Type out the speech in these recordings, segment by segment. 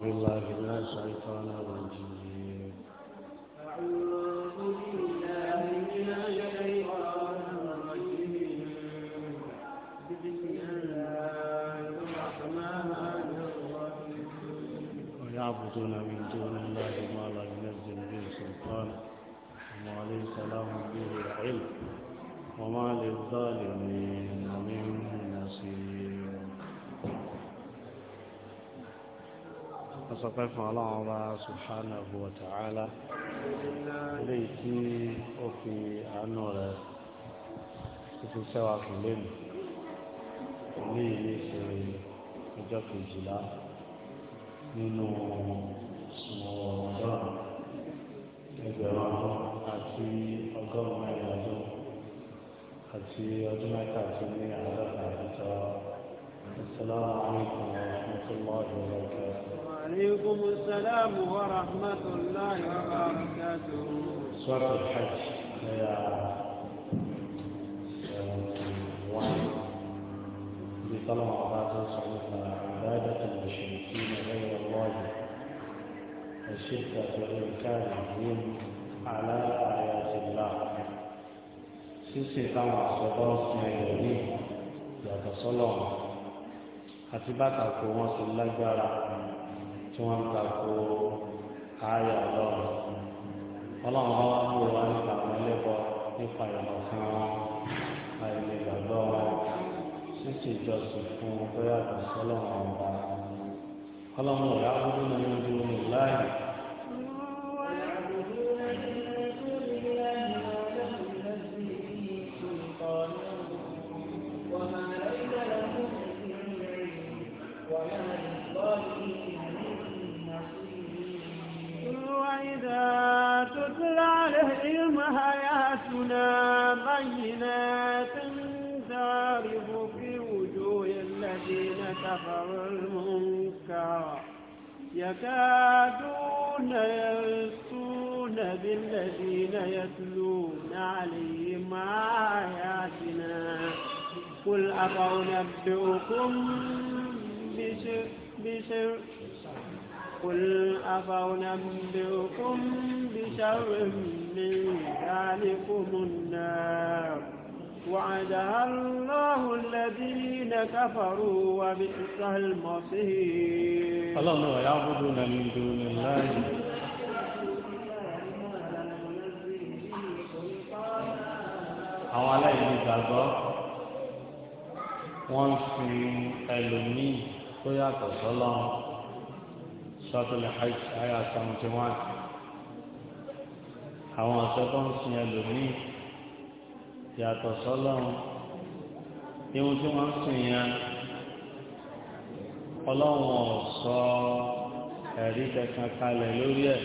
بالله لا شيطان الرجيم subhanahu wa ta'ala eléyìí tí ó fi àánú rẹ̀ títí sẹ́wà kù lẹ́nu ní ilé ṣe ọjọ́ kejìlá nínú ọ̀dọ́ ẹgbẹ̀rún àti ọgọ́rùn-ún ẹ̀yàdún àti ọdún mẹ́ta àti ní àádọ́ta àti sọ السلام عليكم ورحمة الله وبركاته عليكم السلام ورحمة الله وبركاته سورة الحج يا واحد لطلع بعض صعود عبادة المشركين غير الله الشركة غير كان عظيم على آيات الله سيسي طمع صداس يومي يتصلون àti bàtà kò wọ́n ti lágbára tí wọ́n ń ta ko ayé ọlọ́run ọlọ́run wa wọ́n wò wá nípa àwọn ẹlẹ́bọ nípa ìlànà kan wọn àìlè gbàgbọ́ wọn ṣíṣe ìjọsìn fún bóyá àbùsọ́lọ́run ọba ọlọ́run ọ̀yá gbogbo nínú ìlú láàyè. قل بشر قل أفأنبئكم بشر من ذلكم النار وعدها الله الذين كفروا وبئس المصير اللهم يعبدون من دون الله àwọn aláìní gbàgbọ́ wọ́n ń fi ẹlòmíì tó yàtọ̀ sọ́lọ́ sọ́tòlẹ̀ àyà seventy one àwọn ọ̀sẹ̀ tó ń sin ẹlòmíì yàtọ̀ sọ́lọ́ ihun tí wọ́n ń sìn yẹn ọlọ́run ọ̀sọ́ ẹ̀rí kankan kalẹ̀ lórí ẹ̀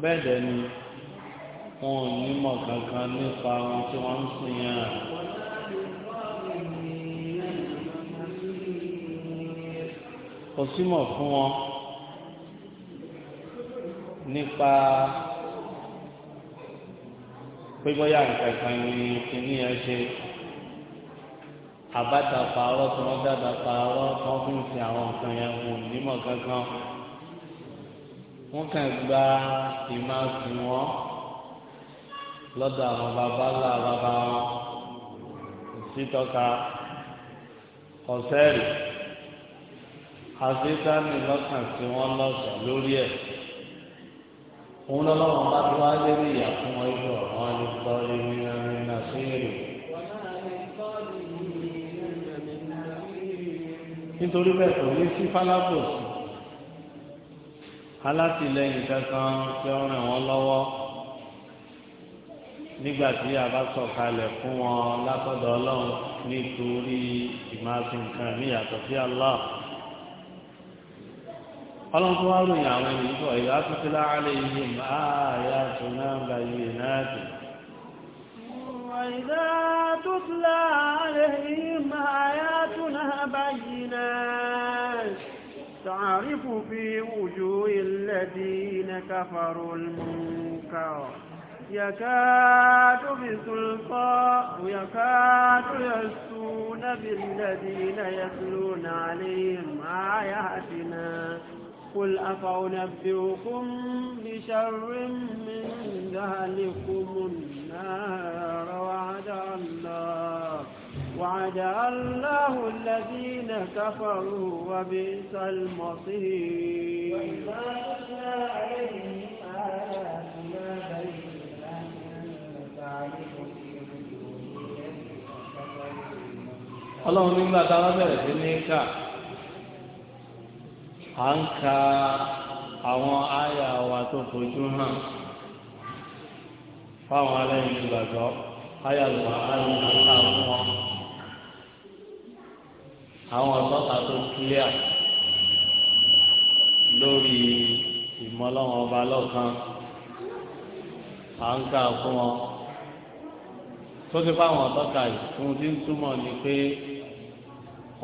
bẹ́ẹ̀ dẹ̀ wọn ò ní mọ̀ kankan nípa ohun tí wọ́n ń sìn yàn. kò símọ̀ fún wọn nípa pé bóyá nǹkan kan ni ẹ ṣe àbáta pààrọ̀ tí wọ́n dáadáa pààrọ̀ tí wọ́n fi àwọn nǹkan yẹn wò nímọ̀ kankan wọ́n kàn gba ìmáàsì wọn lọ́dọ̀ àwọn bàbá ńlá bàbá wọn ìsítọ́ka ọ̀sẹ́rì àṣetánì lọ́kàn tí wọ́n lọ́sọ̀ lórí ẹ̀ òun lọ́lọ́wọ́n bá tó wá lérí ìyá fún wọn ìlú ọ̀rọ̀ ní gbọ́rí nínú nàṣírì. nítorí bẹ́ẹ̀ kò ní sí fálábòsì alátìlẹyìn kankan tí ó ràn wọ́n lọ́wọ́ nígbà tí a bá sọ̀kalẹ̀ fún wọn látọ̀dọ̀ ọlọ́run nítorí ìmáàsì nǹkan ní yàtọ̀ sí Allah ọlọ́run tó wá ròyìn àwọn ènìyàn tó ìyá tó ti yìí máa yá tó náà bá yìí náà dì. وإذا تتلى عليهم آياتنا بينات تعرف في وجوه الذين كفروا المنكر يكاد بسلطان يكاد يسون بالذين يتلون عليهم آياتنا قل أفأنبئكم بشر من ذلكم النار وعد الله وعد الله الذين كفروا وبئس المصير وإذا عليهم آياتنا ọlọ́run nígbà tá a bá bẹ̀rẹ̀ sí ní kà á ń ka àwọn àyà wa tó fojú hàn fáwọn aláìní ìgbàgbọ́ àyà lọ́wọ́ àyà àká fún wọn àwọn ọ̀tọ́ta tó kílíà lórí ìmọ̀lọ́wọ́n ọba lọ́kàn à ń kà fún wọn tó ti fáwọn ọ̀tọ́ka yìí ohun tí ń túmọ̀ ni pé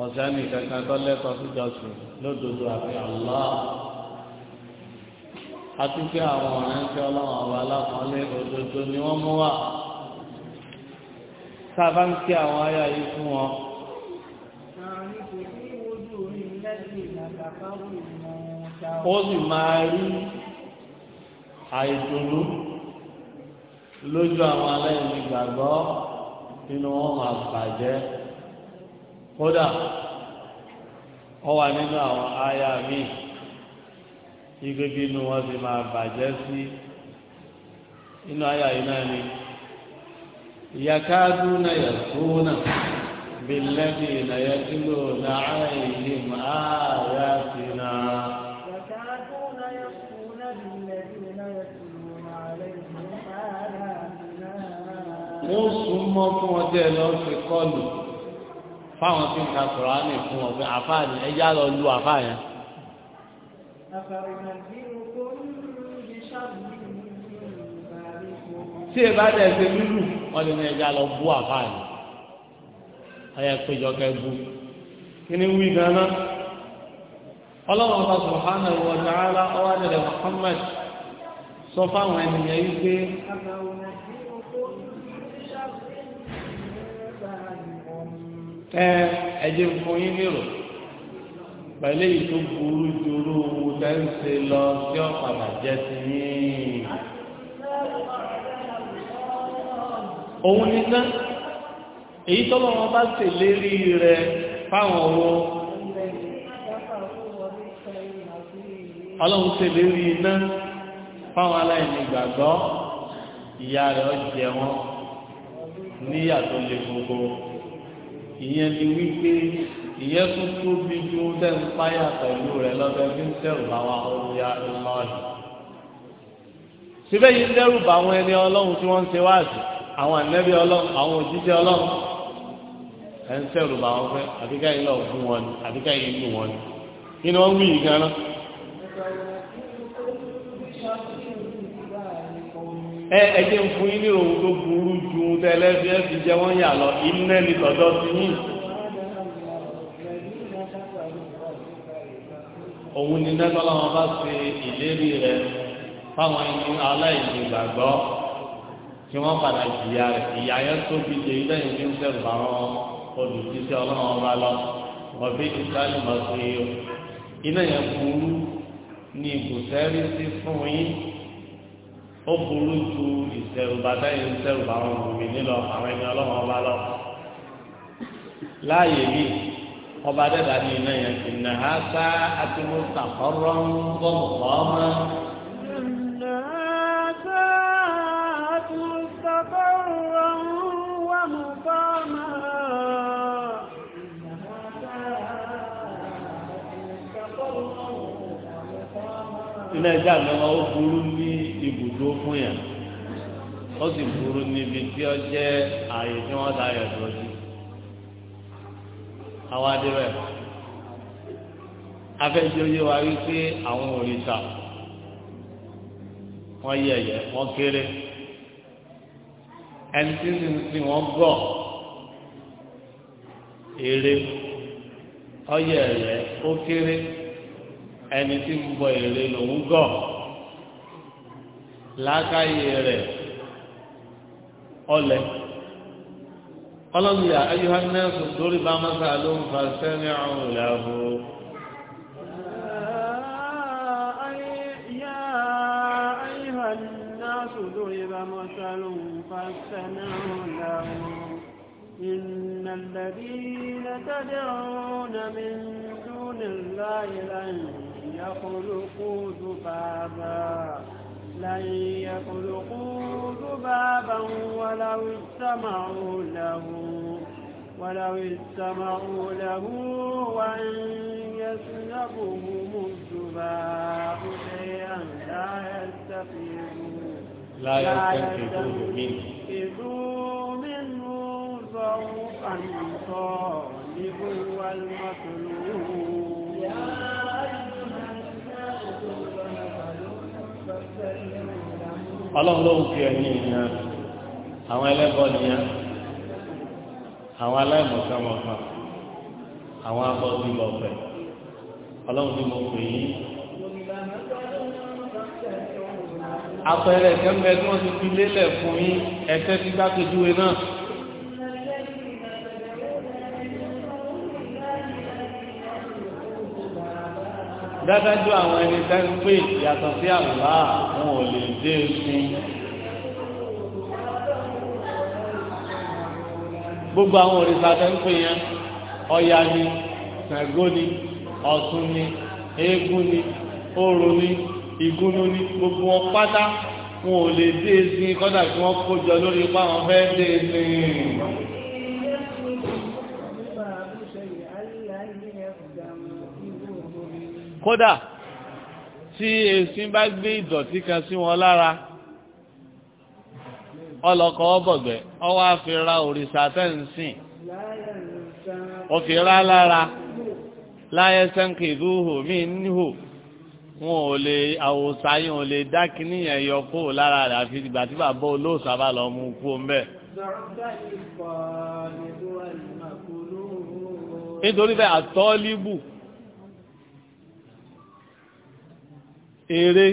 ọ̀sẹ̀ nìkankan tó lẹ́tọ̀ọ́ síjọsìn lódodo àti àlọ́ àti pé àwọn ọ̀rẹ́ ń tẹ́ ọlọ́run ọba alákọ̀ọ́lé òdodo ni wọ́n mú wá tá a bá ń kí àwọn aya yìí fún wọn. ó sì máa rí àìdùnnú lójú àwọn aláìní gbàgbọ́ nínú wọn máa bàjẹ́ kódà wọ́n wà nínú àwọn aya mi igbe bínú wọn sì máa bàjẹ́ sí inú aya yìí náà ni ìyàkáàdú náà yẹ sóònà bí lẹ́bí náà yẹ kílò náà àìyí máa yá sí náà. wọ́n sùn mọ́ fún ọjọ́ ẹ̀ fi kọlù fáwọn tí ń ka kùránì fún ọ̀gbẹ́ àfáà ni ẹ lọ lu àfáà yẹn. tí ẹ bá dẹ̀ ṣe lúlù wọ́n lè ní ẹ já lọ bú àfáà yẹn. péjọ kẹ bú ni wí ganan. ọlọ́run ọba ọwọ́ sọ fáwọn ènìyàn yìí ẹjẹ́ fún yín nírò pẹ̀lú èyí tó burú jòrò owó tẹ́ǹsẹ̀ lọ sí ọ̀padà jẹ́ ti yín òun nìkan èyí tọ́lọ́ wọn bá tẹ̀lérí rẹ̀ fáwọn owó ọlọ́run tẹ̀lérí iná fáwọn aláìní gbàgbọ́ ìyá rẹ̀ ọjẹ́ wọn níyà tó le gbogbo ìyẹn ni wípé ìyẹn tó tóbi ju dẹ́npáyà pẹ̀lú rẹ̀ lọ́dọ̀ ẹbí ń tẹ̀rù làwọn ọ̀rùya ńlọ́ọ̀dù. síbẹ̀ yìí ń dẹ́rù bá àwọn ẹni ọlọ́run tí wọ́n ń ṣe wáàsì àwọn ànẹ́bí ọlọ́run àwọn òjíṣẹ́ ọlọ́run ẹ̀ ń tẹ̀rù bá wọn fẹ́ àbíkáyé lọ́ọ̀ fún wọn ni lù wọn ni kí ni wọ́n wí yìí gan ẹ ẹjẹ ń fún yín ní òun tó burú ju tẹlẹfẹ fi jẹ wọn yà lọ iná ní tọ̀dọ̀ sí yín òun ni nẹtọlọ wọn bá ṣe ìlérí rẹ̀ fáwọn ẹni aláìní gbàgbọ́ tí wọn padà jìyà rẹ̀ ìyá yẹn tóbi jẹ ilé yìí ní sẹrù àwọn olùdíṣẹ Ọlọ́run ọba lọ wọn fi ìsáyìí mọ sí i iná yẹn burú ní ibùsẹ́rí sí fún yín ó burú ju ìṣẹ̀rùbà sẹ́yìn ìṣẹ̀rùbà àwọn ọmọmi nílọ àwọn ẹni ọlọ́wọ́n ọba lọ. láàyè mi ọba dẹ́gbà ní iná yẹn ti nà á sá àtúntà ọ̀rọ̀ ń bọ̀ ọmọ. ilé ẹja àgbẹ̀ ó burú ní ibùdó fún yẹn ó sì burú níbi tí ó jẹ́ ààyè tí wọ́n sáyẹ̀ dúró sí. àwa dé bẹ́ẹ̀ afẹ́jọ́yé wa wípé àwọn òrìṣà wọ́n yẹ̀yẹ̀ wọ́n kéré ẹni tí ń sin wọ́n gọ̀ èrè ọyẹ̀yẹ̀ ó kéré ẹni tí ń bọ lòún làákàyè rẹ̀ ọlẹ̀ ọlọ́mìyà ayúhánẹ́sù lórí bá mọ́sá ló ń fa sẹ́ni àwọn ìlàbò إن الذين تدعون من دون الله لن يخلقوا ذبابا لن يخلقوا ذبابا ولو استمعوا له ولو استمعوا له وإن يسلبهم الذباب شيئا لا يستفيدون لا يستفيدون ọlọ́run ló ń fi ẹ̀yìn ìyẹn àwọn ẹlẹ́bọ nìyẹn àwọn aláìmọ̀kànmọ̀kàn àwọn abọ́sílọ̀fẹ́ ọlọ́run ní mo pè yín. apẹẹrẹ kẹ́mbẹ́ tí wọ́n ti fi lélẹ̀ fún yín ẹ̀tẹ́ ti gbá kejúwe náà. dádájú àwọn ẹni tẹ́ ń pè yàtọ̀ sí àwòrá àwọn ò lè dé ẹ̀sìn. gbogbo àwọn òrìṣà tẹ́ ń pè yẹn ọya ni Ṣàngó ni Ọ̀ṣun ni eégún ni orò ni ìgúnnú ni gbogbo wọn pátá wọn ò lè dé ẹ̀sìn kọ́dà kí wọ́n kó jọ lórí ipá wọn fẹ́ dé ẹ̀sìn. kódà tí èsìn bá gbé ìdọ̀tí kan sí wọn lára ọlọ́kọ̀ ọbọ̀gbẹ́ ọwọ́ àfi ra òrìṣà tẹ́ǹsìn òfin rá lára láyé sẹ́ńkì ìdúhù mí níhù wọn ò lè àwòsàn yìí ò lè dá kíníyàn yọ kó lára rẹ̀ àfi ìgbà tí bàbá olóòsà bá lọ mú kú ń nítorí bẹ́ẹ̀ àtọ́líbù ere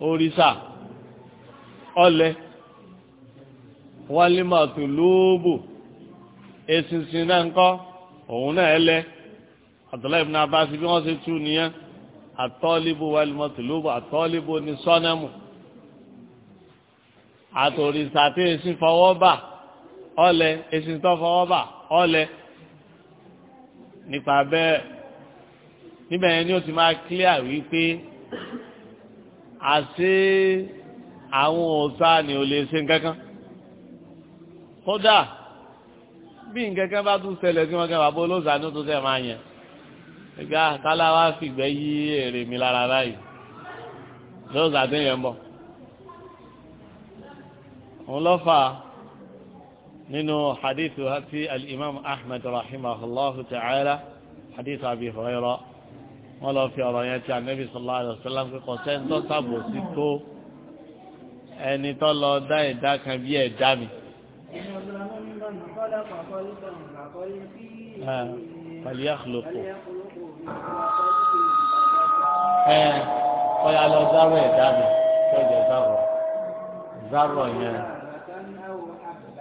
orisa ọlẹ wálímàtò lóòbò eṣinṣin náà ń òun náà ẹlẹ Abdullahi ibn Abbas bí wọ́n ṣe tú nìyẹn àtọ́líbò wálímàtò lóòbò àtọ́líbò ní sọ́nẹ́mù àtòrìṣà tí eṣin fọwọ́ bà ọlẹ eṣin tó fọwọ́ bà ọlẹ nípa bẹ́ẹ̀ níbẹ̀ yẹn ni ó ti máa clear wípé àti àwọn òòṣà ni ò lè ṣe nǹkankan kódà bí nǹkankan bá tún ṣẹlẹ̀ sí wọn kẹ́ bàbá olóòṣà ní ó tún sẹ́ máa yẹn ẹgbẹ́ àtàlà ah, wa fìgbẹ́ yí èrè mi lára báyìí lóòṣà tó yẹn ń bọ̀ òun lọ́ fà á nínú hadithu àti al-imam ahmed rahimahullahu ta'ala hadithu abi hurairah wọ́n lọ fi ọ̀rọ̀ yẹn ti ànábì sọlá àlọ́sọ́lá pé kò sẹ́ni tó sàbòsí tó ẹni tó lọ dá ẹ̀dá kan bí ẹ̀dá mi. pẹ̀lú àkùlùkù ẹ kọ́ya lọ zárọ̀ ẹ̀dá mi kẹ́jọ zárọ̀ zárọ̀ yẹn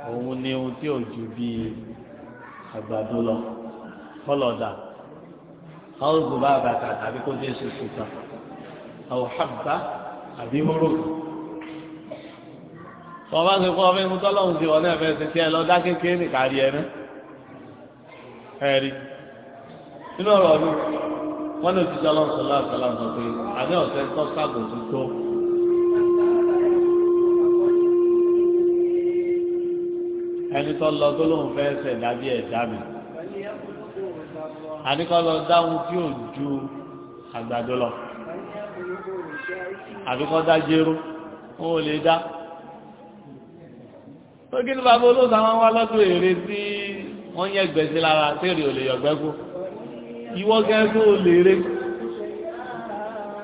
òun ni ohun tí ò ju bíi àgbàdo lọ kọ́lọ̀ dà àwọn gbòbá bàtà tàbí kó jẹ́ ṣoṣo kan àwọn hàbá àbí hóró. wọ́n bá ṣe fún ọmọ ẹ̀mú tọ́lọ́hún sí wọn náà fẹ́ ṣe tiẹ̀ lọ dá kékeré nìkan rí ẹ ná. ẹ̀rí nínú ọ̀rọ̀ ọdún wọ́n ní òtítọ́ ọlọ́run sọ̀rọ̀ àtàlà sọ pé àní ọ̀sẹ̀ tó sábò tó tó. ẹni tó lọ tó lóun fẹ́ ṣẹ̀dá bí ẹ̀dá mi àbíkọ́ lọ dáhùn tí ò ju àgbàdo lọ àbíkọ́ dá jéró wọn ò lè dá ó kí ni bàbá olóòtú àwọn wá lọ́dún èrè tí wọ́n yẹ gbèsè lára tẹ́rì ò lè yọ̀gbẹ́gbó ìwọ gẹ́gbó ò lè rè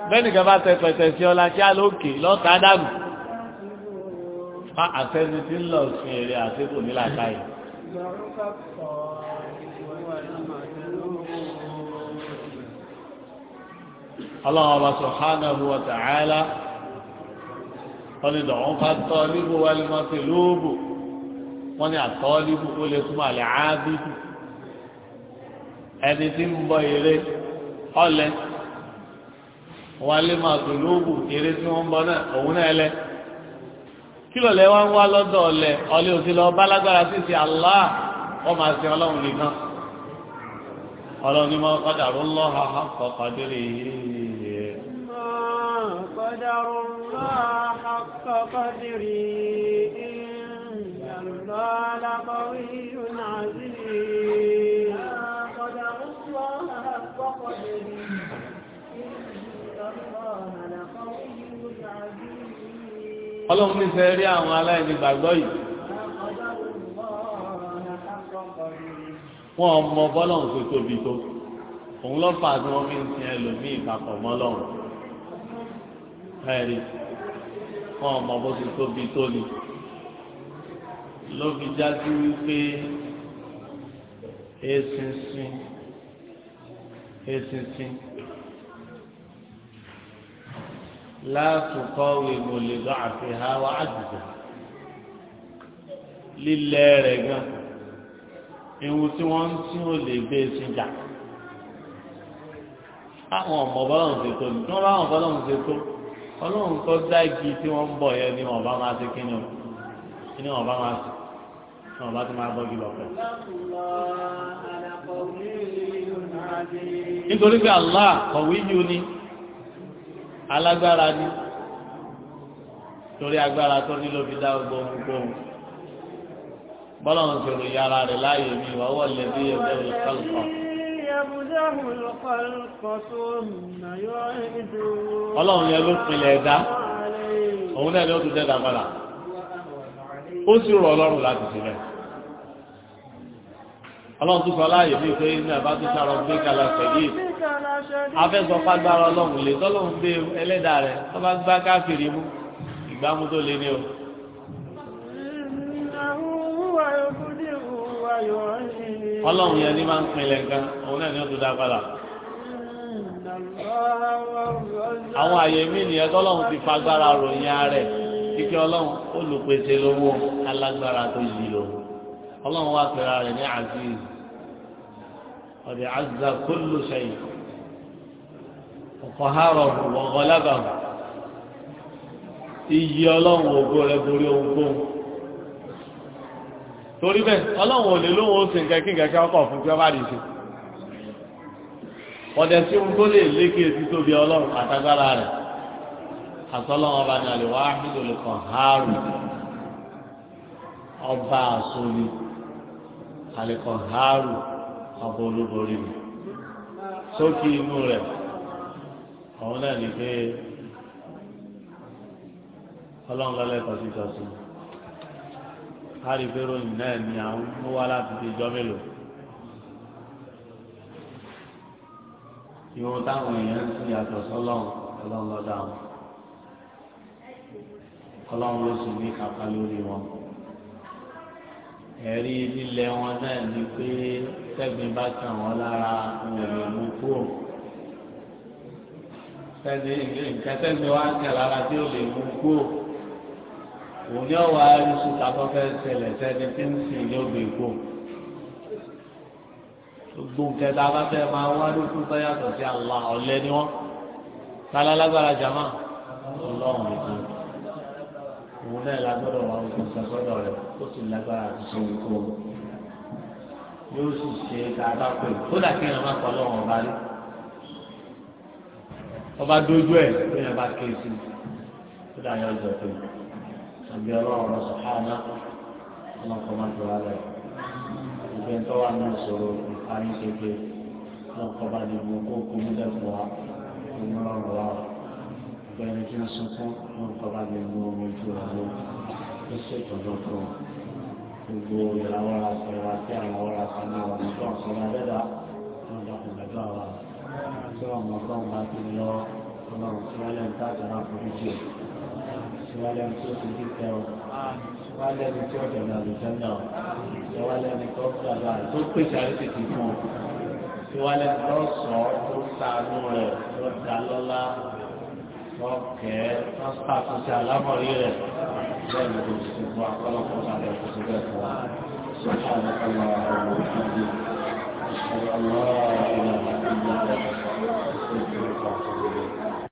bẹ́ẹ̀ni kẹfà tẹpẹtẹ sí ọlá kí á lókè lọ́ta dànù fa àfẹnusí ńlọ sí èrè àti kò nílàkàyè. Allah subhanahu wa ta'ala wọ́n ni dọ̀wọ́n fa tọ́líbù wà lè mọ́tò lóòbù wọ́n ni àtọ́líbù ó lè túmọ̀ àlẹ́ ábíbù ẹni tí ń bọ eré ọlẹ wà lè mọ́tò lóòbù eré tí wọ́n ń bọ náà òun náà kí ló ń wá lọ́dọ̀ òsì lọ ha kọ́kọ́ délé قدر الله حق قدري إن الله لقوي عزيز قدر الله حق قدري Ọlọ́run ní fẹ́ rí àwọn aláìní gbàgbọ́ yìí. Wọ́n mọ bọ́lọ́run tó tóbi tó. Òun lọ́fà tí wọ́n fi ń sin ẹlòmíì papọ̀ mọ́lọ́run ẹ̀rí wọn ò mọ bó ti tóbi tó ni ló fi jáde wípé eṣinṣin eṣinṣin látùkọ́ ìmọ̀ lè lọ àfihàn wa àdìgbò lílẹ̀ rẹ̀ gan ewu tí wọ́n ń tí ó lè gbé eṣin jà àwọn ọmọ bọ́lá ní wọ́n bá àwọn bọ́lá ọlọ́run tó dá igi tí wọ́n ń bọ̀ yẹn ni wọ́n bá máa ṣe kí ni o kí ni bá máa ṣe kí wọ́n bá ti máa bọ́gi lọ́pẹ́. nítorí pé Allah kọ̀wé yìí ni alágbára ni torí agbára tó ní ló fi dá gbogbo ohun bọ́lá ń sọ̀rọ̀ ìyára rẹ̀ láàyè mi wà wọ́n lè ẹgbẹ́ rẹ̀ kọ́lùkọ́. يبدأ الخلق ثم يعيده ọlọ́run yẹn ló pinlẹ̀ ẹ̀dá òun náà ni ó ti dẹ́dà padà ó sì rọ̀ ọlọ́run láti sílẹ̀ ọlọ́run tó sọ láàyè bíi pé ní àbá tó sàrọ̀ gbé kalẹ̀ pẹ̀lú afẹ́sọ̀ fagbára ọlọ́run lè tọ́lọ́run gbé ẹlẹ́dà rẹ̀ tó bá gbá káfíìrì mú ìgbámú tó lé ní o. ìnáwó wà ó kú dìbò wà yóò rẹ̀. ọlọ́run yẹn ní máa ń pinlẹ̀ nǹkan òun náà ní ó tó dá padà. àwọn àyè mí nìyẹn tọ́lọ́run ti fagbára ròyìn ààrẹ kíkẹ́ ọlọ́run olùpèsè lówó alágbára tó yí lò ọlọ́run wá pẹ̀lú rẹ̀ ní aziz ọ̀dẹ̀ azza ọ̀kọ̀ hárọ̀ iyì ọlọ́run ògo torí bẹ́ẹ̀ ọlọ́run ò lè lóhun ó sì nǹkan kí nǹkan kí ọkọ̀ fún kí ọ bá rí ṣe ọ̀dẹ̀ tí ohun tó lè lékè sí tóbi ọlọ́run àtagbára rẹ̀ àtọ́lọ́run ọba ní àlè wàá nílò lè kàn ọba àsọni àlè kàn ọba olúborí mi sókè inú rẹ̀ ọ̀hún náà ní pé ọlọ́run lọ́lẹ́kọ̀ọ́ sí ìjọsìn láti fi ròyìn náà ni àwọn mú wá láti fi jọ mélòó. ìwọ táwọn èèyàn ń sin yàtọ̀ sọ́lọ́run ọlọ́run lọ́dọ̀ àwọn ọlọ́run ló sì ní kápá lórí wọn. ẹ̀rí lílẹ̀ wọn náà ni pé tẹ́gbìn bá tàn wọ́n lára ìrìn mú kúrò tẹ́gbìn nǹkan wá ń tẹ̀ lára tí ó lè mú kúrò òun yóò wá ẹrúsù takọ́fẹ́ ṣẹlẹ̀ sẹ́ni tí ń sìn yóò gbé kó gbogbo nǹkan tá a bá fẹ́ máa wá lókù tó yàtọ̀ sí àlá ọ̀lẹ́ ni wọ́n tálá lágbára jàmá ọlọ́run nìkan òun náà lágbọ́dọ̀ wà ó sọ sọ́dọ̀ rẹ̀ ó sì lágbára àti ṣe nǹkó yóò sì ṣe ká bá pè kí ẹ̀ máa kọ́ ọlọ́run ọba rí ọba dójú ẹ̀ kí ẹ̀ bá ké sí i ó pé àbí ọlọ́run lọ sọ̀hánà ọlọ́kọ̀ máa tó wà ìgbẹ́ tó wà náà sọ̀rọ̀ ìparí kéke ọlọ́kọ̀ bá di gbogbo kó mú dẹ́kun wa ìmú ọ̀rọ̀ wa. ìgbẹ́ ẹni tí ń sunkún ọlọ́kọ̀ bá di gbogbo omi tó wà lọ. ó sì gbogbo ìyàwó ra sọ̀rọ̀ àti àwọn ra sọ̀rọ̀ àwọn ọ̀dọ́ sọ̀rọ̀ àdẹ́dà ọlọ́kọ̀ wa. tí wọ́n wá lẹ́nu tí ó ti di tẹ́ ọ wá lẹ́nu tí ó dẹ̀nà àlùjọ́nà ọ tí wá lẹ́nu tó gbàgbà tó pèsè àríṣètì fún ọ tí wá lẹ́nu tó sọ tó sànú rẹ̀ tó dá lọ́lá tó kẹ́ tó sàtúnṣe alámọ̀rí rẹ̀ bẹ́ẹ̀ ni kò sì fún akọ́lọ́kọ́ sàlẹ̀ kò sí bẹ́ẹ̀ fún wa سبحانك اللهم وبحمدك أشهد أن لا إله إلا أنت أستغفرك وأتوب إليك